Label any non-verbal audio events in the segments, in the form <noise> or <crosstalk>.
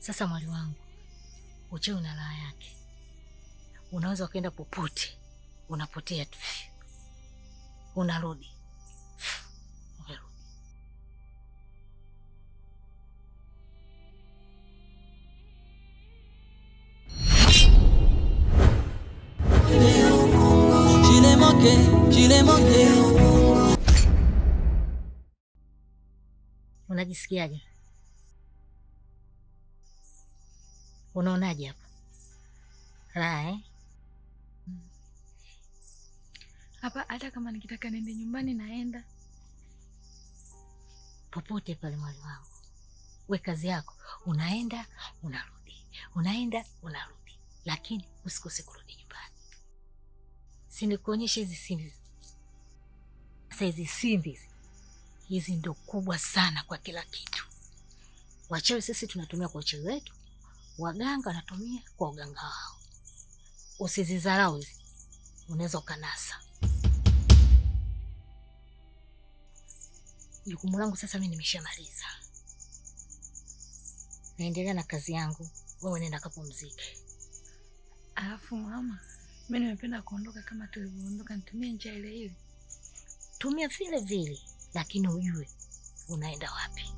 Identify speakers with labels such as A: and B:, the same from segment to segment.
A: Sasa mwali wangu, uche una laa yake, unaweza ukaenda popote, unapotea tu, unarudi unajisikiaje? Unaonaje hapo? Raha eh?
B: Hapa hata kama nikitaka niende nyumbani naenda
A: popote pale, mwali wangu. We kazi yako unaenda unarudi, unaenda unarudi, lakini usikose kurudi nyumbani. Sinikuonyesha hizi simbi sasa, hizi simbi hizi ndo kubwa sana kwa kila kitu. Wachawi sisi tunatumia kwa uchawi wetu waganga wanatumia kwa uganga wao. Usizidharau hizi, unaweza ukanasa. Jukumu langu sasa mimi nimeshamaliza, naendelea na kazi yangu, wewe nenda kapumzike.
B: Alafu mama, mimi nimependa kuondoka kama tulivyoondoka, nitumie njia ile ile.
A: Tumia vile vile, lakini ujue unaenda wapi.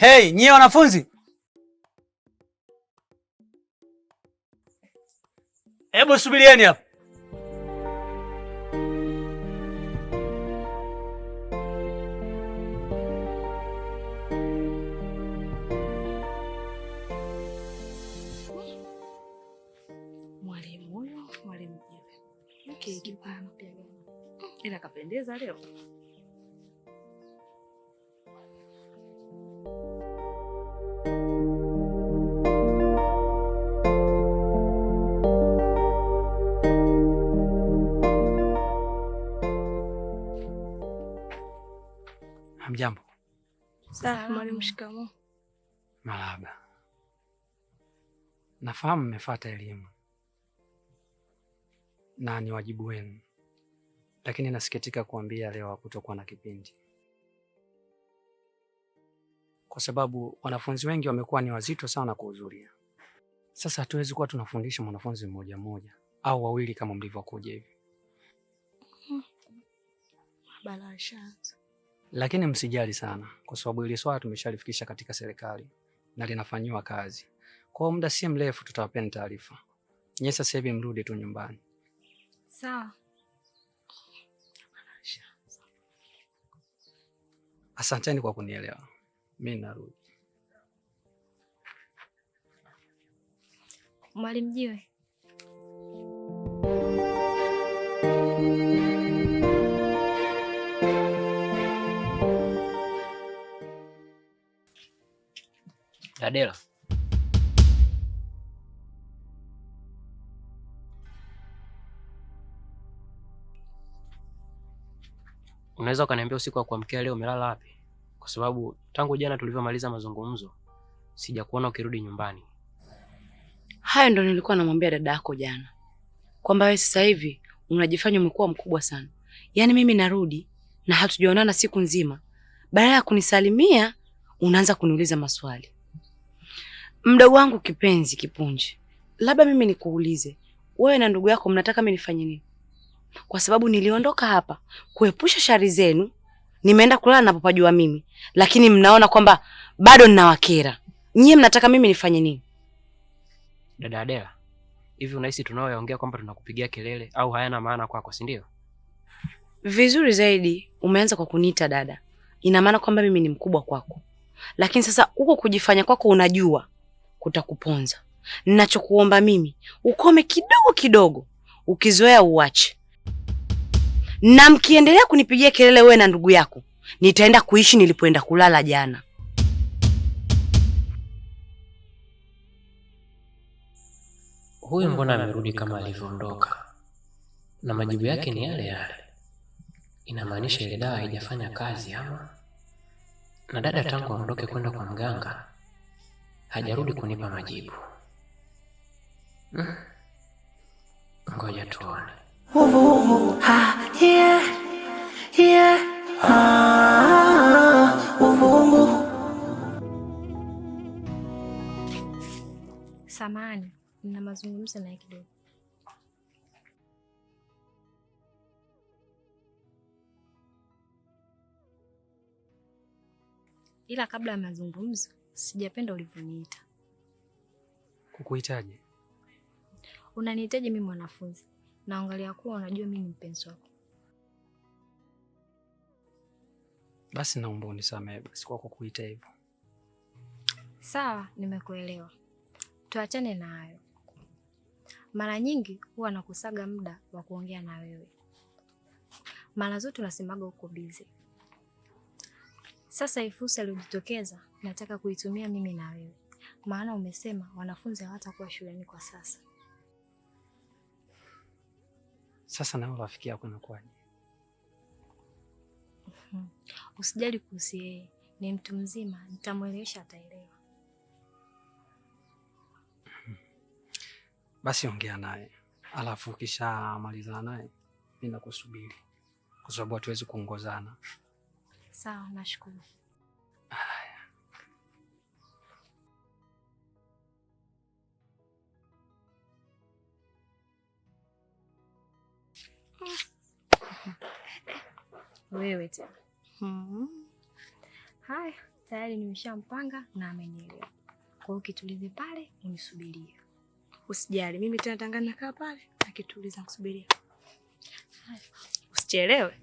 C: Hey, nyie wanafunzi, hebu subirieni hapa.
A: Mwalimu huyo mwalimu, okay, kipana ila kapendeza leo.
B: Safi mwalimu. Shikamoo.
D: Marahaba. Nafahamu mmefuata elimu na ni wajibu wenu, lakini nasikitika kuambia leo hakutokuwa na kipindi, kwa sababu wanafunzi wengi wamekuwa ni wazito sana kuhudhuria. Sasa hatuwezi kuwa tunafundisha mwanafunzi mmoja mmoja au wawili kama mlivyokuja hivi.
B: Balaa shaanza
D: lakini msijali sana, kwa sababu ile swala tumeshalifikisha katika serikali na linafanyiwa kazi. Kwa muda si mrefu tutawapeni taarifa. Nyie sasa hivi mrudi tu nyumbani, sawa? Asanteni kwa kunielewa, mimi narudi.
B: Mwalimu Jiwe.
D: Adele. Unaweza ukaniambia usiku wa kuamkia leo umelala wapi? Kwa sababu tangu jana tulivyomaliza mazungumzo sijakuona ukirudi nyumbani.
E: Hayo ndo nilikuwa namwambia dada yako jana, kwamba wewe sasa hivi unajifanya umekuwa mkubwa sana. Yaani mimi narudi na hatujaonana siku nzima, badala ya kunisalimia unaanza kuniuliza maswali. Mdogo wangu kipenzi Kipunji, labda mimi nikuulize wewe na ndugu yako mnataka mimi nifanye nini? Kwa sababu niliondoka hapa kuepusha shari zenu, nimeenda kulala napopajua mimi, lakini mnaona kwamba bado ninawakera nyie. Mnataka mimi nifanye nini?
D: Dada Adela, hivi unahisi tunaoyaongea kwamba tunakupigia kelele au hayana maana kwako, si ndio?
E: Vizuri zaidi umeanza kwa kuniita dada, ina maana kwamba mimi ni mkubwa kwako, lakini sasa huko kujifanya kwako, unajua kutakuponza. Ninachokuomba mimi ukome kidogo kidogo, ukizoea uache, na mkiendelea kunipigia kelele wewe na ndugu yako, nitaenda kuishi nilipoenda kulala jana.
F: Huyu mbona amerudi kama alivyoondoka, na majibu yake ni yale yale. Inamaanisha ile dawa haijafanya kazi ama? Na dada tangu aondoke kwenda kwa mganga hajarudi kunipa majibu. Ngoja tuone.
B: Samani, nina mazungumzo naye kidogo. Ila kabla ya mazungumzo Sijapenda ulivyoniita.
D: Kukuhitaji?
B: Unanihitaji mimi mwanafunzi, naangalia kuwa unajua mimi ni mpenzi wako.
D: Basi naomba unisamehe basi kwa kukuita hivyo.
B: Sawa, nimekuelewa. Tuachane na hayo. Mara nyingi huwa nakusaga muda wa kuongea na wewe, mara zote unasemaga uko bize. Sasa hii fursa iliyojitokeza nataka kuitumia mimi na wewe, maana umesema wanafunzi hawatakuwa shuleni kwa sasa.
D: Sasa nawe rafiki yako nakuaje?
B: Mhm. Usijali kuhusu yeye, ni mtu mzima, nitamwelewesha, ataelewa.
D: <clears throat> Basi ongea naye, alafu ukishamalizana naye mimi nakusubiri, kwa sababu hatuwezi kuongozana
B: Sawa, nashukuru. Wewe tena. Mm-hmm. Haya, tayari nimeshampanga na amenielewa. Kwa hiyo kitulize pale, unisubirie. Usijali, mimi tena tangana kaa pale, akituliza nikusubiria. Haya, usichelewe.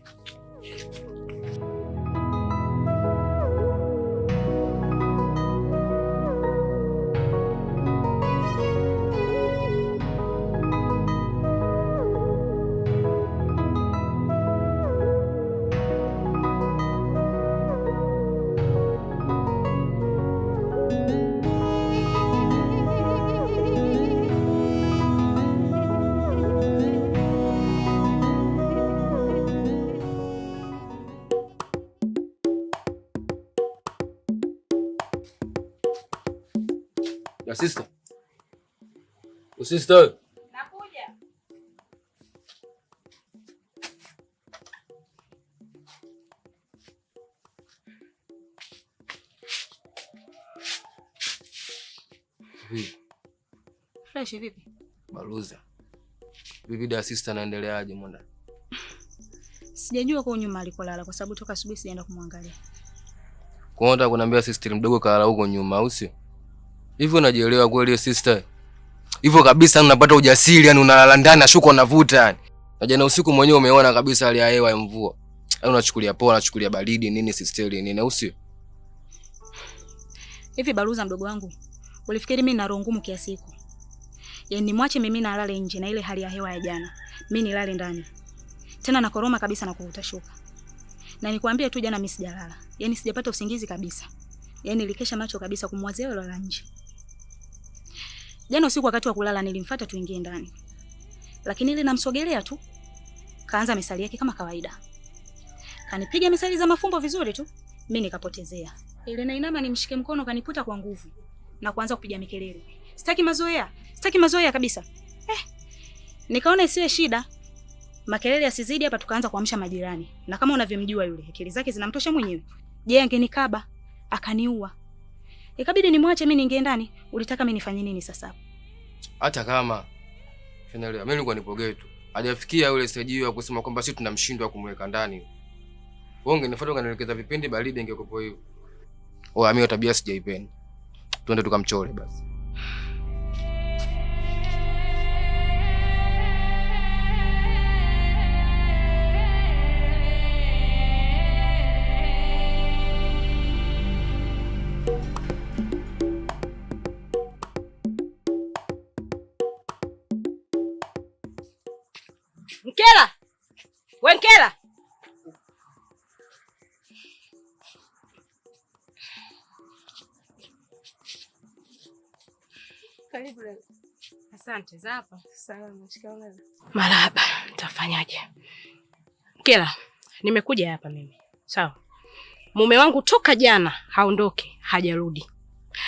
C: ya sister. O sister.
G: Nakuja. Fresh vipi?
C: Baluza. Vipi da sister, naendeleaje mwanda?
G: Sijajua kwa nyuma alikolala kwa sababu toka asubuhi sijaenda kumwangalia.
C: Kwa hiyo unataka kuniambia sister mdogo kalala huko nyuma au sio? Hivyo unajielewa kweli sister? Hivyo kabisa unapata ujasiri yani, unalala ndani na shuka unavuta yani. Na jana usiku mwenyewe umeona kabisa hali ya hewa ya mvua. Yaani unachukulia poa, unachukulia baridi nini sister nini usio?
G: Hivi Baruza mdogo wangu, ulifikiri mimi nina roho ngumu kiasi hiko? Yaani nimwache mimi nalale nje na ile hali ya hewa ya jana. Mimi nilale ndani. Tena na koroma kabisa na kuvuta shuka. Na nikwambie tu jana mimi sijalala. Yaani sijapata usingizi kabisa. Yaani nilikesha macho kabisa kumwazia yule nje. Jana yaani usiku wakati wa kulala nilimfuata tuingie ndani, lakini ile namsogelea tu kaanza misali yake kama kawaida, kanipiga misali za mafumbo vizuri tu, mimi nikapotezea ile, na inama nimshike mkono, kaniputa kwa nguvu na kuanza kupiga mikelele, sitaki mazoea, sitaki mazoea kabisa. Eh, nikaona isiwe shida, makelele asizidi hapa, tukaanza kuamsha majirani, na kama unavyomjua yule akili zake zinamtosha mwenyewe. Je, angenikaba akaniua Ikabidi nimwache mimi niingie ndani. Ulitaka mimi nifanye nini sasa hapo?
C: Hata kama finali mimi nilikuwa nipogee tu. Hajafikia yule stage ya kusema kwamba sisi tunamshindwa kumweka ndani. Wewe ungenifuata ungenielekeza vipindi baridi ingekuwa hiyo. Oh, mimi tabia sijaipenda. Tuende tukamchore basi.
B: kupoteza hapa? Salama, shikamoo.
H: Marahaba, nitafanyaje? Kela, nimekuja hapa mimi. Sawa. Mume wangu toka jana haondoki, hajarudi.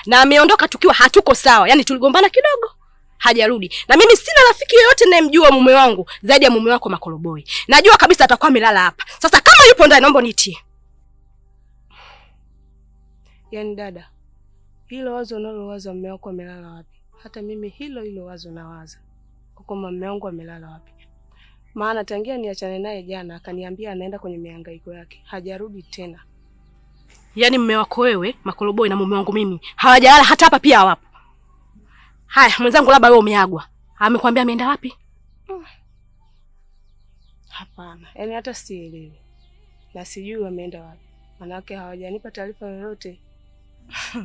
H: Na ameondoka tukiwa hatuko sawa. Yaani tuligombana kidogo, hajarudi. Na mimi sina rafiki yoyote ninayemjua mume wangu zaidi ya mume wako Makoroboi. Najua kabisa atakuwa amelala hapa. Sasa kama yupo ndani naomba nitie.
B: Yaani dada, hilo wazo unalowaza mume wako amelala wapi? hata mimi hilo hilo wazo nawaza huko, mume wangu amelala wapi? Maana tangia niachane naye jana akaniambia anaenda kwenye mihangaiko yake, hajarudi tena.
H: Yaani mume wako wewe Makoroboi na mume wangu mimi hawajalala hata hapa pia hawapo. Haya mwenzangu, labda wewe umeagwa, amekwambia ameenda wapi? Hmm.
B: Hapana, yaani hata sielewi na sijui ameenda wapi, manake hawajanipa taarifa yoyote. <laughs>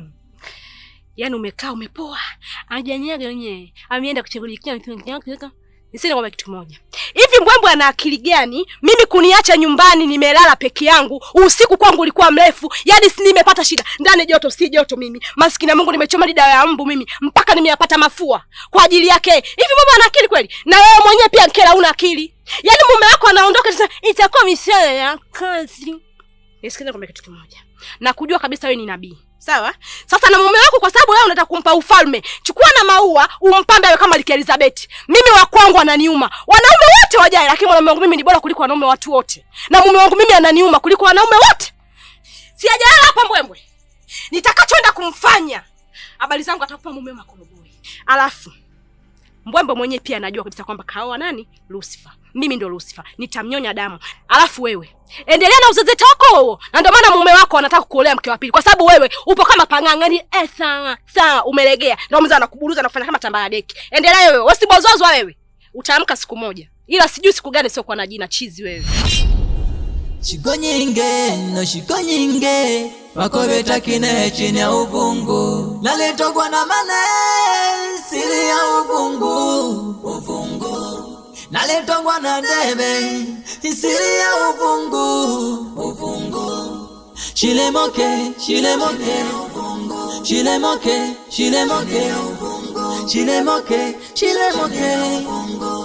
H: Yaani umekaa umepoa. ajanyaga wenyewe, Ameenda kuchekea kitu kingine. Nisema kwamba kitu kimoja. Hivi mbwembwe ana akili gani? Mimi kuniacha nyumbani nimelala peke yangu. Usiku kwangu ulikuwa mrefu. Yaani si nimepata shida. Ndani joto si joto mimi. Maskini Mungu nimechoma dawa ya mbu mimi mpaka nimeyapata mafua kwa ajili yake. Hivi mbwembwe ana akili kweli? Na wewe mwenyewe pia Nkela una akili. Yaani mume wako anaondoka sasa itakuwa mishale ya kazi. Nisikilize kwamba kitu kimoja. Na kujua kabisa wewe ni nabii. Sawa? Sasa na mume wako kwa sababu wewe unataka kumpa ufalme. Chukua na maua, umpambe awe kama Liki Elizabeth. Mimi wa kwangu ananiuma. Wanaume wote wajai lakini wanaume wangu mimi ni bora kuliko wanaume watu wote. Na mume wangu mimi ananiuma kuliko wanaume wote. Siajalala hapa mbwembwe. Nitakachoenda kumfanya. Habari zangu atakupa mume wako Koroboi. Alafu Mbwembwe mwenyewe pia anajua kabisa kwamba kaoa nani? Lucifer mimi ndo Lucifer, nitamnyonya damu. Alafu wewe endelea na uzezeta wako huo, na ndio maana mume wako anataka kuolea mke wa pili, kwa sababu wewe upo kama pang'ang'ani eh, saa saa umelegea, ndio mzee anakuburuza na kufanya kama tambara deki. Endelea wewe, usibozozwa wewe, utaamka siku moja, ila sijui siku gani. Sio kwa na jina chizi wewe shikonyinge no shikonyinge wakobeta kine chini ya uvungu naletogwa na mane siri ya uvungu uvungu naletongwa na debe isiri ya uvungu uvungu chilemoke chilemoke uvungu
C: chilemoke chilemoke uvungu chilemoke chilemoke uvungu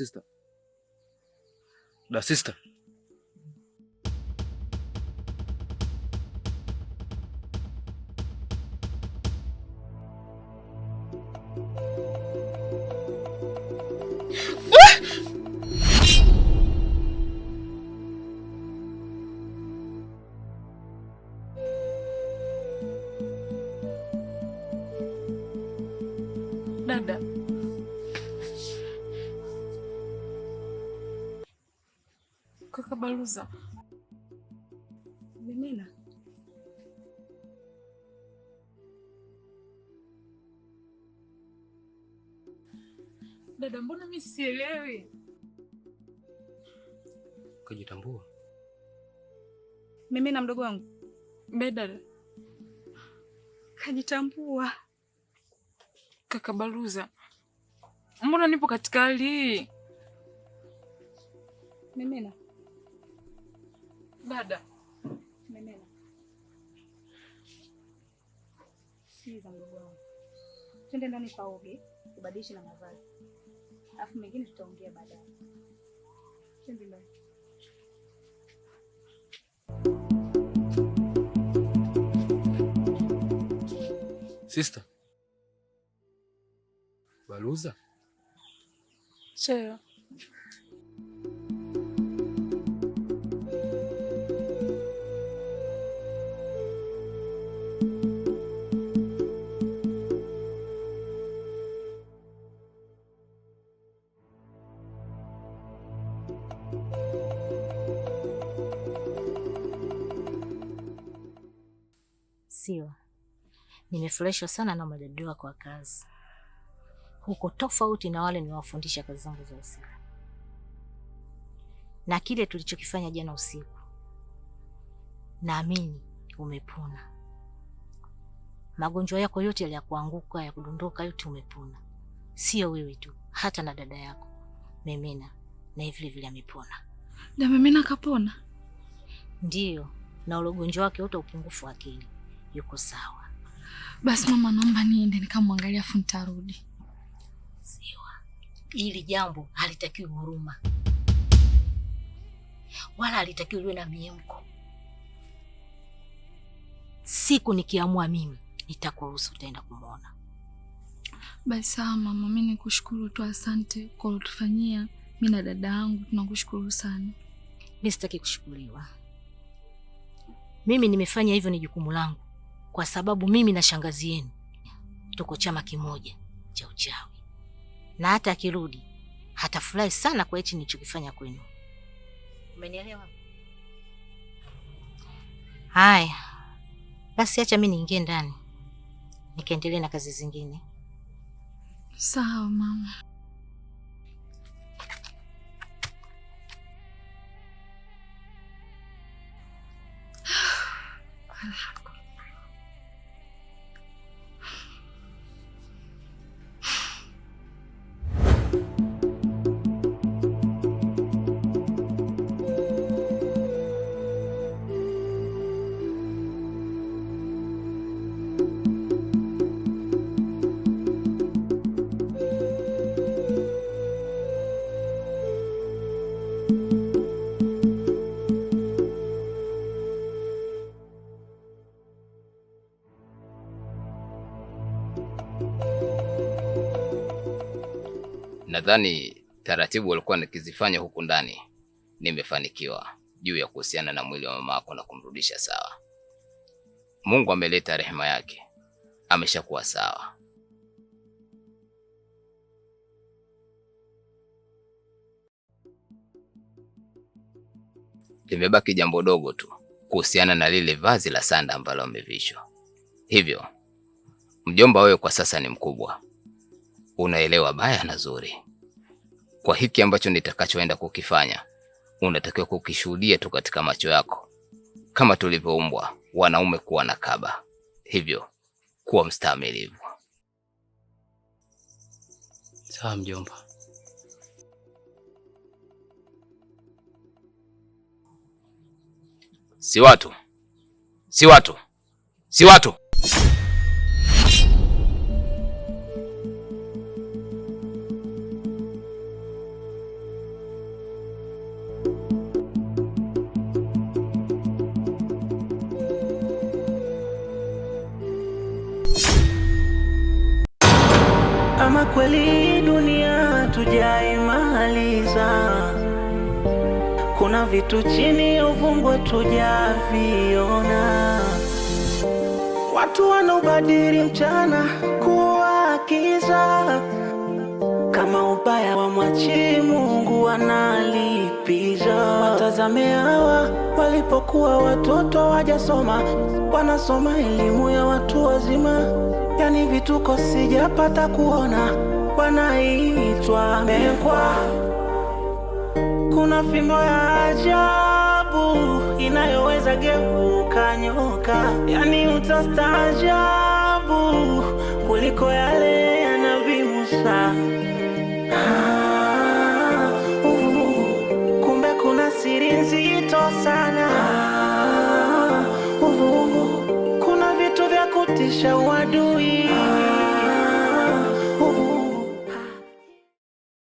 C: sister. Da sister.
B: kuuza. Bimina, dada, mbona mimi sielewi? Kujitambua mimi na mdogo wangu Bedada kajitambua. Kaka Baruza, mbona nipo katika hali hii Mimina? Dada Memena, sikiza mdogo wangu, twende ndani paoge, ubadilishe na mavazi, alafu mengine tutaongea baadaye. Twende ndani.
C: Sister Baluza,
B: cheo
A: nimefurahishwa sana na madadi wako wa kazi. Huko tofauti na wale niwafundisha kazi zangu za usiku, na kile tulichokifanya jana usiku, naamini umepona magonjwa yako yote yaliyakuanguka ya kudondoka yote umepona. Sio wewe tu, hata na dada yako Memena naye vile vile amepona.
B: Na Memena kapona?
A: Ndiyo, na ule ugonjwa wake wote, upungufu wa akili, yuko sawa.
B: Basi mama, naomba niende nikamwangalia afu nitarudi.
A: Siwa, hili jambo halitakiwi huruma wala halitakiwi liwe na miemko. Siku nikiamua mimi nitakuruhusu utaenda kumwona.
B: Basi sawa mama, mi nikushukuru tu, asante kwa kutufanyia. Mi na dada yangu tunakushukuru sana.
A: Mi sitaki kushukuriwa, mimi nimefanya hivyo, ni jukumu langu kwa sababu mimi na shangazi yenu tuko chama kimoja cha uchawi, na hata akirudi hatafurahi sana kwa hichi nilichokifanya kwenu. Umenielewa? Haya basi, acha mimi niingie ndani nikaendelee na kazi zingine.
B: Sawa mama. <sighs>
I: Nadhani taratibu walikuwa nikizifanya huku ndani nimefanikiwa juu ya kuhusiana na mwili wa mama yako na kumrudisha sawa. Mungu ameleta rehema yake, ameshakuwa sawa. Limebaki jambo dogo tu kuhusiana na lile vazi la sanda ambalo amevishwa. Hivyo mjomba, wewe kwa sasa ni mkubwa unaelewa baya na zuri. Kwa hiki ambacho nitakachoenda kukifanya, unatakiwa kukishuhudia tu katika macho yako, kama tulivyoumbwa wanaume kuwa na kaba. Hivyo kuwa mstahamilivu.
J: Sawa mjomba.
C: Si watu si watu si watu. vitu chini uvungwe tujaviona. Watu wanaubadili mchana kuwa kiza, kama ubaya wa mwachi
K: Mungu wanalipiza. Watazame hawa walipokuwa watoto wajasoma, wanasoma elimu ya watu wazima, yani vituko sijapata kuona, wanaitwa mekwa kuna fimbo ya ajabu inayoweza geuka nyoka, yani utastaajabu kuliko yale yanaviusa Ah, uh, uh, kumbe kuna siri nzito sana. Ah, uh, kuna vitu vya kutisha uadui